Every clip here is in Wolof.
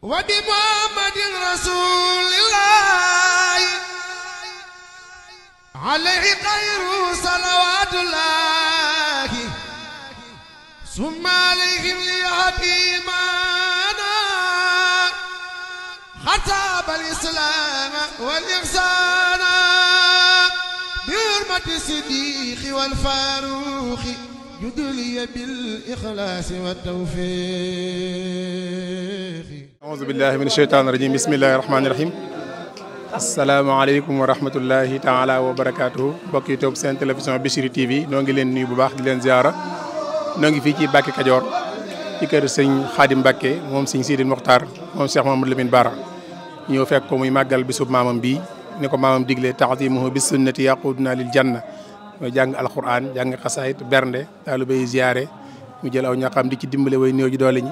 wa bi muhammadin rasulillahi alayhi xayru salawatullahi summa alayhim li habimana xatab alislaam wal ihsana bi hurmati siddiqi wal faruqi judliya bil ikhlaasi wat tawfiiqi auzu billahi min sheytaani rajim bismillahi rahmaani rahim asalaamaaleykum wa rahmatullahi taala wa barakaatuhu mbokk yi toog seen télévision Bichri TV noo ngi leen nuyu bu baax di leen ziara noo ngi fii ci Mbàkke Kajoor ci kër sëñ Xaadim Mbàkke moom sëñ Sidi Moxtaar moom Cheikh Mamadou Lamine Bara ñëw fekk ko muy màggal bisub maam bii ni ko maamam diglee taxdimuhu bi sunnati yaquduna lil janna mooy jàng alquran jàng xasaayit bernde taalibe yi ziare mu jël aw ñaqam di ci dimbale way néew ji doole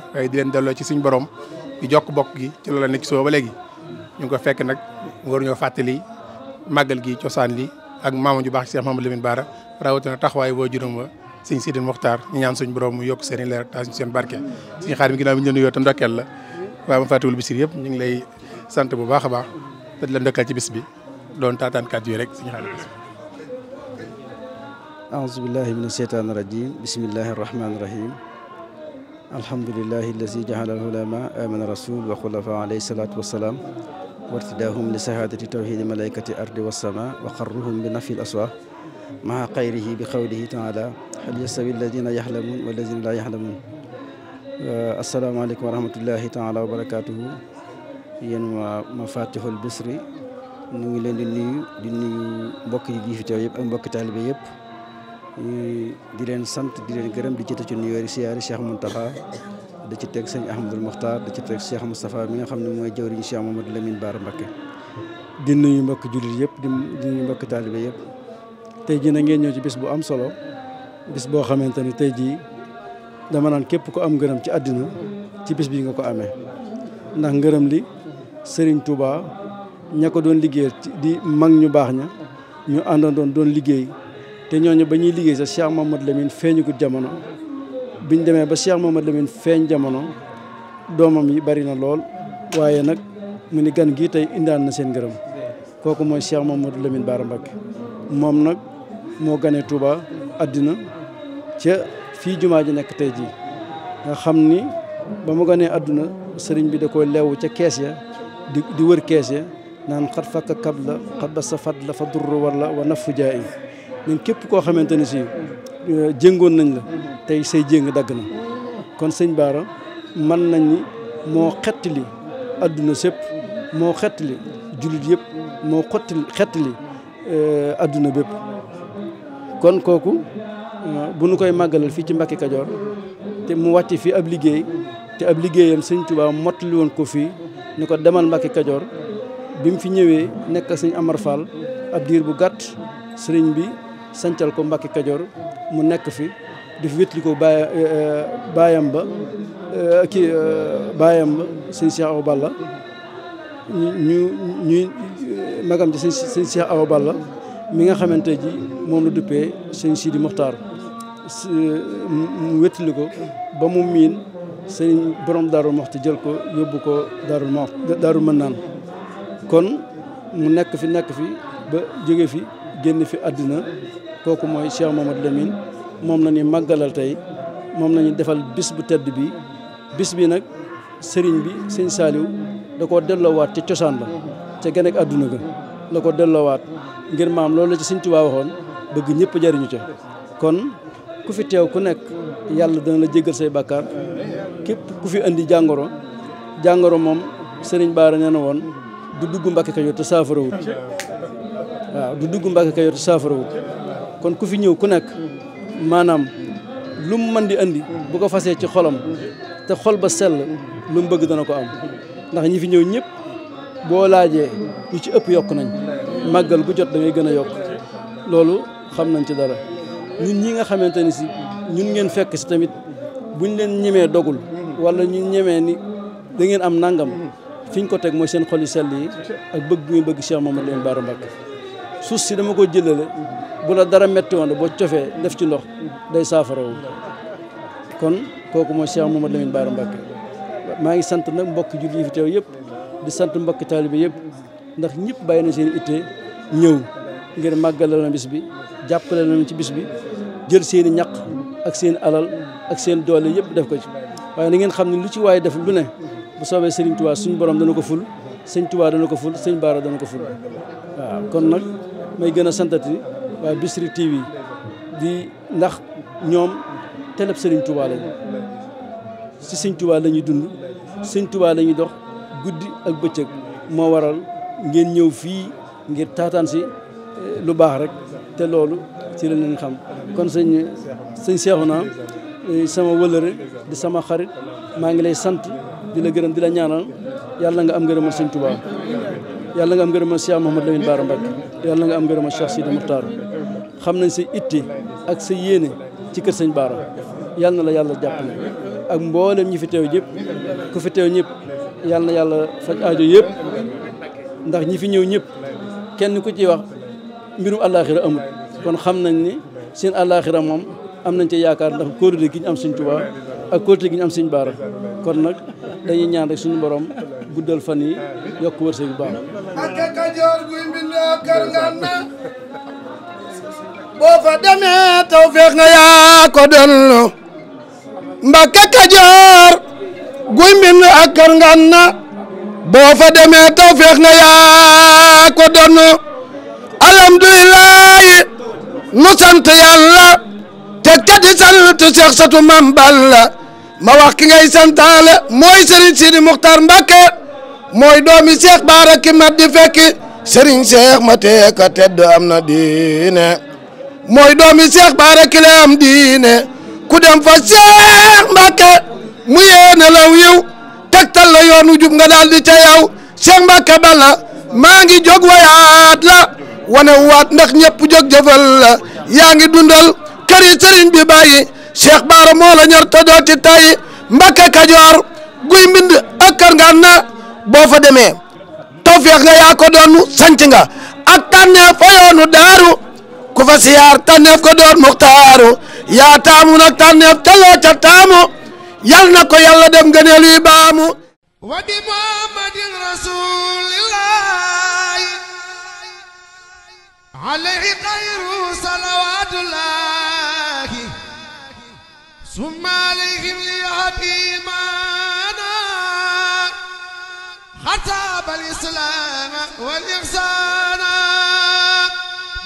delloo ci suñ borom ñu jokk bokk gi ci loola nekk soo ba léegi ñu ngi ko fekk nag war ñoo fàttali màggal gi cosaan li ak maamu ju baax Cheikh Mamadou Lamine Bara rawatina taxawaay boo juróom wa sëñ Sidi Mokhtar ñu ñaan suñu borom mu yokk seen i leer seen barke suñu xaar mi ginnaaw bi ñu leen la waaw ma fàttewul bisir yëpp ñu ngi lay sant bu baax a baax te di la ndokkeel ci bis bi doon taataan kàddu yi rek suñu xaar bis aouzu billahi mina sheytaani rajim bismillahi a rahim alhamdulilahi allazi jaala alulama amana rasul wa xulafa alayhi salaatu wasalaam wartidaahum li sahaadati tawxiidi malaykati ardi wasama wa xarruhum bi nafi l aswa maa xayrihi bi xawlihi taala hal yastawi alladina yaxlamuun walladina laa yaxlamuun uh, asalaamaaleykum wa rahmatullahi taala wa barakaatuhu yéen waa mafatihul bisri ñu ngi leen di nuyu di nuyu mbokk yi fi teew yëpp ak mbokki taalibe yëpp di leen sant di leen gërëm di ci tëj ci nuyoo yi siyaari Cheikh Mountakha da ci teg sëñ Ahmadul Mokhtar da ci teg Cheikh Moustapha mi nga xam ne mooy jëwriñ Cheikh Mamadou Lamine Bara Mbacké di nuyu mbokk jullit yëpp di di nuyu mbokk taalibe yëpp tey jii na ngeen ñëw ci bis bu am solo bis boo xamante ni tey jii dama naan képp ko am ngërëm ci àddina ci bis bi nga ko amee ndax ngërëm li Serigne Touba ña ko doon liggéey di mag ñu baax ña ñu àndandoon doon liggéey te ñooñu ba ñuy liggéey moom Cheikh Mamadou Lamine feeñagut jamono biñ demee ba Cheikh Mamadou Lamine feeñ jamono doomam yi bari na lool waaye nag mu ni gan gii tey indaan na seen ngërëm kooku mooy Cheikh Mamadou Lamine Bara Mbacké moom nag moo gane Touba àddina ca fii jumaa ji nekk tey jii nga xam ni ba mu ganee àdduna sëriñ bi da koy leew ca kees ya di wër kees ya naan xat fakk kab la xat ba fat la fa durru wala wa nafu jaa nañ képp koo xamante ni si euh, jëngoon nañ la tey say jéng dagg na kon sëñ Baara mën nañ ni moo xettali adduna sépp moo xettali jullit yëpp moo xottali xettali euh, adduna bépp kon kooku euh, bu nu koy màggalal fii ci Mbacke Kajoor te mu wàcc fii ab liggéey te ab liggéeyam sëñ Tuubaa mottali woon ko fii ni ko demal Mbacke Kajoor bi mu fi ñëwee nekk sëñ Amar Fall ab diir bu gàtt sëriñ bi sancal ko mbakki Kajoor mu nekk fi di fi wétli ko eh, eh, baayam ba eh, kii baayam ba sëñ Cheikh Awa Balla ñu ñuy magam ci Balla mi nga xamante ji moom la duppee sëñ Sidi Mokhtar mu wétli ko ba mu miin sëñ borom Daaru Moxti jël ko yóbbu ko Daaru Mox Daaru Mannaan kon mu nekk fi nekk fi ba jege fi génn fi àddina kooku mooy Cheikh Mamadou Lamine moom la ñuy màggalal tey moom la ñuy defal bis bu tedd bi bis bi nag sëriñ bi sëñ Saaliw da koo delloowaat ca cosaan la ca gën ak àdduna ga la ko delloowaat ngir maam loolu la ci sëñ Tuubaa waxoon bëgg ñëpp jariñu ca kon ku fi teew ku nekk yàlla dana la jéggal say bàkkaar képp ku fi indi jàngoro jàngoro moom sëriñ baa nee na woon du dugg Mbàkke Kajoor te saafarawut waaw du dugg Mbàkke Kajoor saafarawut kon ku fi ñëw ku nekk maanaam lu mu mën di andi bu ko fasee ci xolam te xol ba sel lu mu bëgg dana ko am ndax ñi fi ñëw ñëpp boo laajee ñu ci ëpp yokk nañ màggal gu jot da ngay gën a yokk loolu xam nañ ci dara ñun ñi nga xamante ni si ñun ngeen fekk si tamit buñ leen ñemee dogul wala ñu ñemee ni da ngeen am nangam fi ñu ko teg mooy seen xol yu yi ak bëgg bu ñu bëgg Cheikh Mamadou Lamine Bara Mbacké suuf si dama ko le bu la dara metti woon boo cofee def ci ndox day saafarawu kon kooku mooy Cheikh Mamadou Lamine Bara Mbacké maa ngi sant nag mbokk jullit yi fi teew yëpp di sant mbokk taalibe yëpp ndax ñëpp bàyyi na seen ittee ñëw ngir màggalal na bis bi jàppale na ci bis bi jël seen i ñaq ak seen alal ak seen doole yëpp def ko ci waaye na ngeen xam ne lu ci waaye def lu ne bu soobee seeni Touba suñu borom dana ko ful Serigne Touba dana ko ful Serigne Bara dana ko ful may gën a santati waa Bichri TV di ndax ñoom teleb Serigne Touba lañ si Serigne Touba dund Serigne Touba la dox guddi ak bëccëg moo waral ngeen ñëw fii ngir taataan si eh, lu baax rek te loolu ci la leen xam kon sëñ sëñ naa eh, sama wëlëre di sama xarit maa ngi lay sant di la gërëm di la ñaanal yàlla nga am ngërëmal Serigne Touba yàlla nga am ngërëma Cheikh Mouhamadou Lamine Bara Mbacké yàlla nga am ngërëma Cheikh Sidi Moukhtar xam nañ si itti ak si yéene ci kër sëñ Bara yàlla na la yàlla jàppale ak mboolem ñi fi teew ñëpp ku fi teew ñëpp yàlla na yàlla faj ajo yëpp ndax ñi fi ñëw ñëpp kenn ku ci wax mbirum àllaaxira amul kon xam nañ ni seen àllaaxira moom am nañ ca yaakaar ndax kóolute gi ñu am suñ Tuubaa ak kóolute gi ñu am suñ Baara kon nag dañuy ñaan rek suñu borom guddal fan yi yokk wërsëg bu baax Kajoor guy mbind ak kër na boo fa demee taw feex nga yaa ko dellu nu sant yàlla teg ca di sant Cheikh Satou Mame Balla ma wax ki ngay santaale mooy Serigne Sidi Muxtar Mbacke mooy doomi Cheikh Baara ki mat di fekki Serigne Cheikh ma teek a tedd am na diine mooy doomi Cheikh Baara ki la am diine ku dem fa Cheikh Mbacke mu yéene law yiw tegtal la yoonu jub nga daal di ca yow Cheikh Mbacke Balla maa ngi jóg wayaat la wane waat ndax ñëpp jóg jëfal la yaa ngi dundal. bëri sëriñ bi bàyyi Cheikh Baara moo la ñor te doo ci tàyyi Mbàkke Kajoor guy mbind ak kër nga na boo fa demee tawfeex nga yaa ko doonu sanc nga ak tànneef fa yoonu daaru ku fa siyaar tànneef ko doon muxtaaru yaa taamu nag tànneef te loo ca taamu yal na ko yàlla def ngëneel yu baamu wa bi muhammadin rasulillahi alayhi xayru salawatullahi ثم عليهم ليعتيمانا خطاب الإسلام والإحسان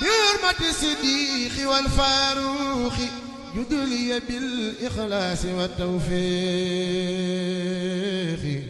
بحرمة الصديق والفاروق جدلي بالإخلاص والتوفيق